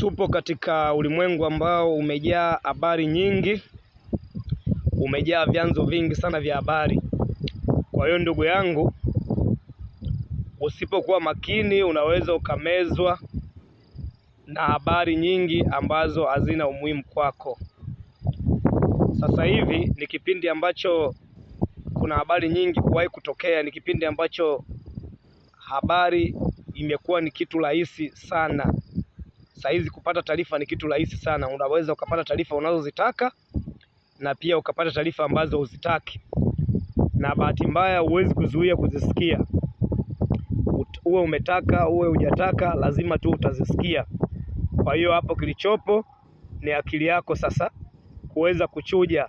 Tupo katika ulimwengu ambao umejaa habari nyingi, umejaa vyanzo vingi sana vya habari. Kwa hiyo ndugu yangu, usipokuwa makini, unaweza ukamezwa na habari nyingi ambazo hazina umuhimu kwako. Sasa hivi ni kipindi ambacho kuna habari nyingi kuwahi kutokea, ni kipindi ambacho habari imekuwa ni kitu rahisi sana. Saizi kupata taarifa ni kitu rahisi sana, unaweza ukapata taarifa unazozitaka na pia ukapata taarifa ambazo huzitaki, na bahati mbaya huwezi kuzuia kuzisikia. Uwe umetaka uwe hujataka, lazima tu utazisikia. Kwa hiyo hapo kilichopo ni akili yako sasa kuweza kuchuja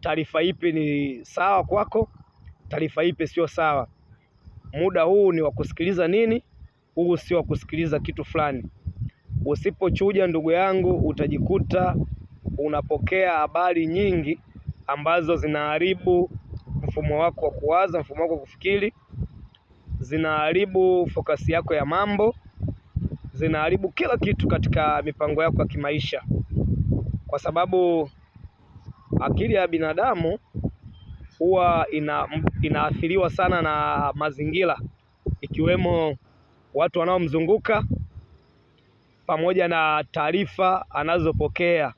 taarifa ipi ni sawa kwako, taarifa ipi sio sawa. Muda huu ni wa kusikiliza nini, huu sio wa kusikiliza kitu fulani. Usipochuja ndugu yangu, utajikuta unapokea habari nyingi ambazo zinaharibu mfumo wako wa kuwaza, mfumo wako wa kufikiri, zinaharibu fokasi yako ya mambo, zinaharibu kila kitu katika mipango yako ya kimaisha, kwa sababu akili ya binadamu huwa ina, inaathiriwa sana na mazingira ikiwemo watu wanaomzunguka pamoja na taarifa anazopokea.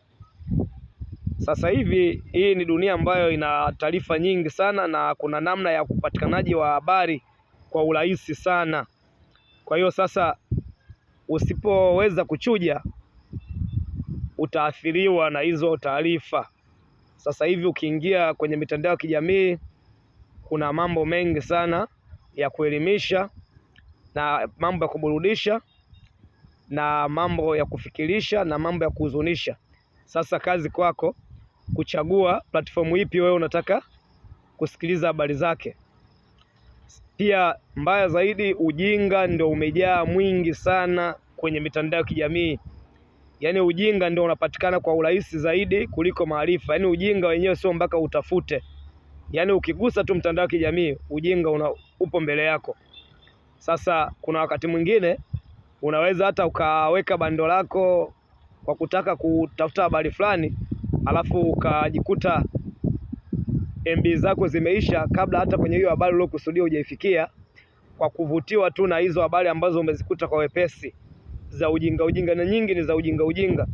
Sasa hivi hii ni dunia ambayo ina taarifa nyingi sana, na kuna namna ya upatikanaji wa habari kwa urahisi sana. Kwa hiyo sasa, usipoweza kuchuja utaathiriwa na hizo taarifa. Sasa hivi ukiingia kwenye mitandao ya kijamii kuna mambo mengi sana ya kuelimisha na mambo ya kuburudisha na mambo ya kufikirisha na mambo ya kuhuzunisha. Sasa kazi kwako kuchagua platform ipi wewe unataka kusikiliza habari zake. Pia mbaya zaidi, ujinga ndio umejaa mwingi sana kwenye mitandao ya kijamii. Yaani ujinga ndio unapatikana kwa urahisi zaidi kuliko maarifa. Yaani ujinga wenyewe sio mpaka utafute, yaani ukigusa tu mtandao wa kijamii ujinga una upo mbele yako. Sasa kuna wakati mwingine Unaweza hata ukaweka bando lako kwa kutaka kutafuta habari fulani, alafu ukajikuta MB zako zimeisha kabla hata kwenye hiyo habari uliokusudia hujaifikia, kwa kuvutiwa tu na hizo habari ambazo umezikuta kwa wepesi, za ujinga ujinga, na nyingi ni za ujinga ujinga,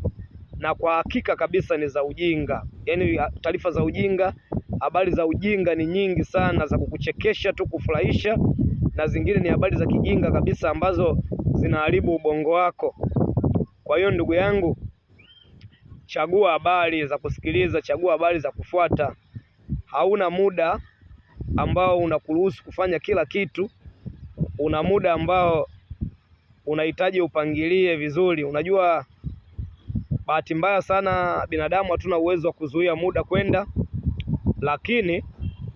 na kwa hakika kabisa ni za ujinga. Yaani taarifa za ujinga, habari za ujinga ni nyingi sana, za kukuchekesha tu, kufurahisha, na zingine ni habari za kijinga kabisa ambazo zinaharibu ubongo wako. Kwa hiyo ndugu yangu, chagua habari za kusikiliza, chagua habari za kufuata. Hauna muda ambao unakuruhusu kufanya kila kitu, una muda ambao unahitaji upangilie vizuri. Unajua, bahati mbaya sana binadamu hatuna uwezo wa kuzuia muda kwenda, lakini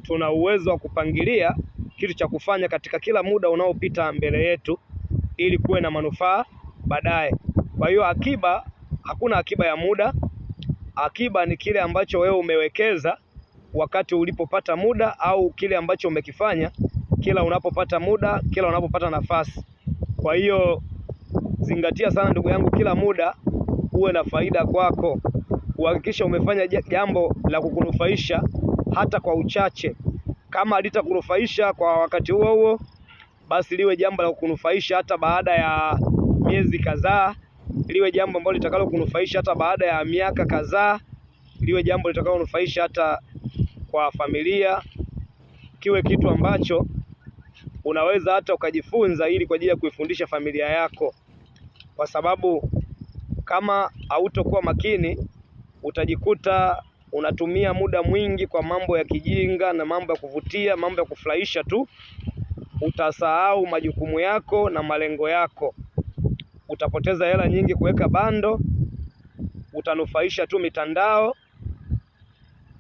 tuna uwezo wa kupangilia kitu cha kufanya katika kila muda unaopita mbele yetu ili kuwe na manufaa baadaye. Kwa hiyo akiba, hakuna akiba ya muda. Akiba ni kile ambacho wewe umewekeza wakati ulipopata muda, au kile ambacho umekifanya kila unapopata muda, kila unapopata nafasi. Kwa hiyo zingatia sana ndugu yangu, kila muda uwe na faida kwako, uhakikisha umefanya jambo la kukunufaisha hata kwa uchache. Kama halitakunufaisha kwa wakati huo huo basi liwe jambo la kukunufaisha hata baada ya miezi kadhaa, liwe jambo ambalo litakalo kunufaisha hata baada ya miaka kadhaa, liwe jambo litakalo kunufaisha hata kwa familia, kiwe kitu ambacho unaweza hata ukajifunza ili kwa ajili ya kuifundisha familia yako, kwa sababu kama hautokuwa makini utajikuta unatumia muda mwingi kwa mambo ya kijinga na mambo ya kuvutia, mambo ya kufurahisha tu utasahau majukumu yako na malengo yako. Utapoteza hela nyingi kuweka bando, utanufaisha tu mitandao,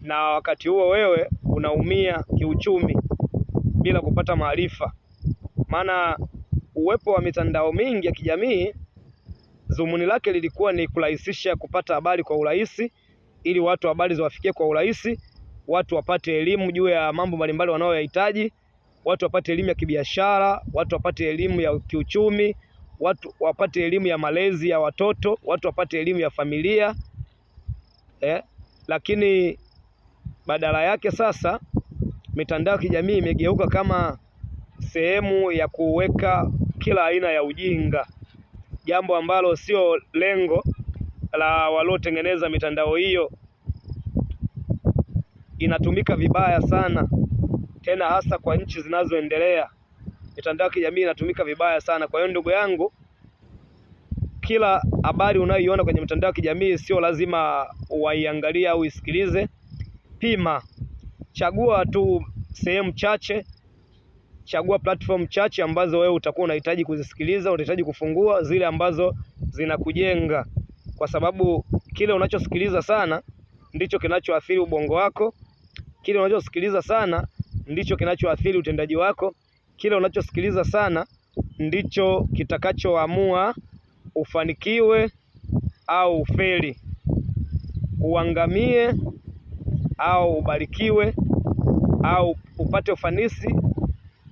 na wakati huo wewe unaumia kiuchumi bila kupata maarifa. Maana uwepo wa mitandao mingi ya kijamii dhumuni lake lilikuwa ni kurahisisha kupata habari kwa urahisi, ili watu habari ziwafikie kwa urahisi, watu wapate elimu juu ya mambo mbalimbali wanayoyahitaji watu wapate elimu ya kibiashara, watu wapate elimu ya kiuchumi, watu wapate elimu ya malezi ya watoto, watu wapate elimu ya familia eh. Lakini badala yake sasa mitandao ya kijamii imegeuka kama sehemu ya kuweka kila aina ya ujinga, jambo ambalo sio lengo la waliotengeneza mitandao hiyo. Inatumika vibaya sana tena hasa kwa nchi zinazoendelea mitandao ya kijamii inatumika vibaya sana. Kwa hiyo ndugu yangu, kila habari unayoiona kwenye mitandao ya kijamii sio lazima waiangalie au isikilize. Pima, chagua tu sehemu chache, chagua platform chache ambazo wewe utakuwa unahitaji kuzisikiliza, unahitaji kufungua zile ambazo zinakujenga, kwa sababu kile unachosikiliza sana ndicho kinachoathiri ubongo wako. Kile unachosikiliza sana ndicho kinachoathiri utendaji wako. Kile unachosikiliza sana ndicho kitakachoamua ufanikiwe au ufeli, uangamie au ubarikiwe, au upate ufanisi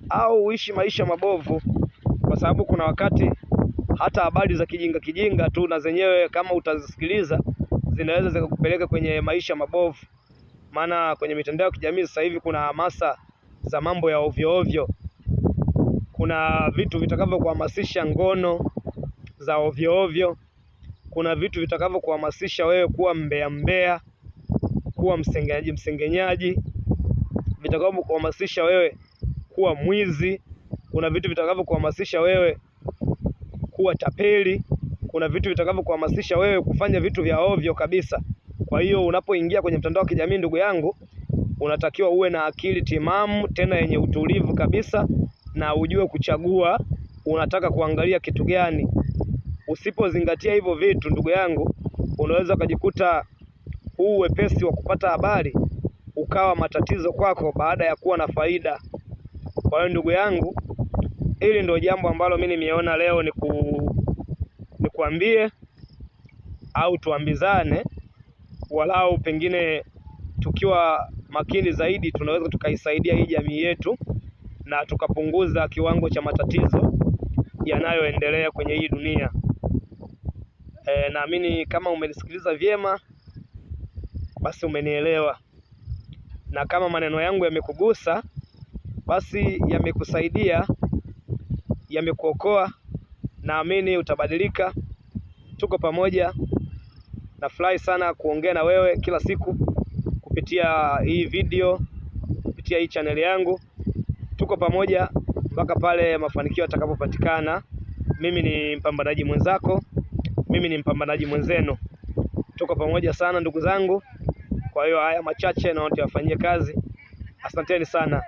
au uishi maisha mabovu, kwa sababu kuna wakati hata habari za kijinga kijinga tu na zenyewe kama utazisikiliza zinaweza zikakupeleka kwenye maisha mabovu maana kwenye mitandao ya kijamii sasa hivi kuna hamasa za mambo ya ovyo ovyo. Kuna vitu vitakavyokuhamasisha ngono za ovyo ovyo, kuna vitu vitakavyokuhamasisha wewe kuwa mbea mbea, kuwa msengenyaji msengenyaji, vitakavyokuhamasisha wewe kuwa mwizi, kuna vitu vitakavyokuhamasisha wewe kuwa tapeli, kuna vitu vitakavyokuhamasisha wewe kufanya vitu vya ovyo kabisa. Kwa hiyo unapoingia kwenye mtandao wa kijamii, ndugu yangu, unatakiwa uwe na akili timamu, tena yenye utulivu kabisa, na ujue kuchagua unataka kuangalia kitu gani. Usipozingatia hivyo vitu, ndugu yangu, unaweza ukajikuta huu wepesi wa kupata habari ukawa matatizo kwako baada ya kuwa na faida. Kwa hiyo ndugu yangu, hili ndio jambo ambalo mimi nimeona leo ni nikuambie au tuambizane walau pengine tukiwa makini zaidi tunaweza tukaisaidia hii jamii yetu na tukapunguza kiwango cha matatizo yanayoendelea kwenye hii dunia. E, naamini kama umenisikiliza vyema basi umenielewa, na kama maneno yangu yamekugusa basi yamekusaidia, yamekuokoa, naamini utabadilika. Tuko pamoja. Nafurahi sana kuongea na wewe kila siku kupitia hii video, kupitia hii chaneli yangu. Tuko pamoja mpaka pale mafanikio yatakapopatikana. Mimi ni mpambanaji mwenzako, mimi ni mpambanaji mwenzenu. Tuko pamoja sana ndugu zangu. Kwa hiyo haya machache naomba tuyafanyie kazi. Asanteni sana.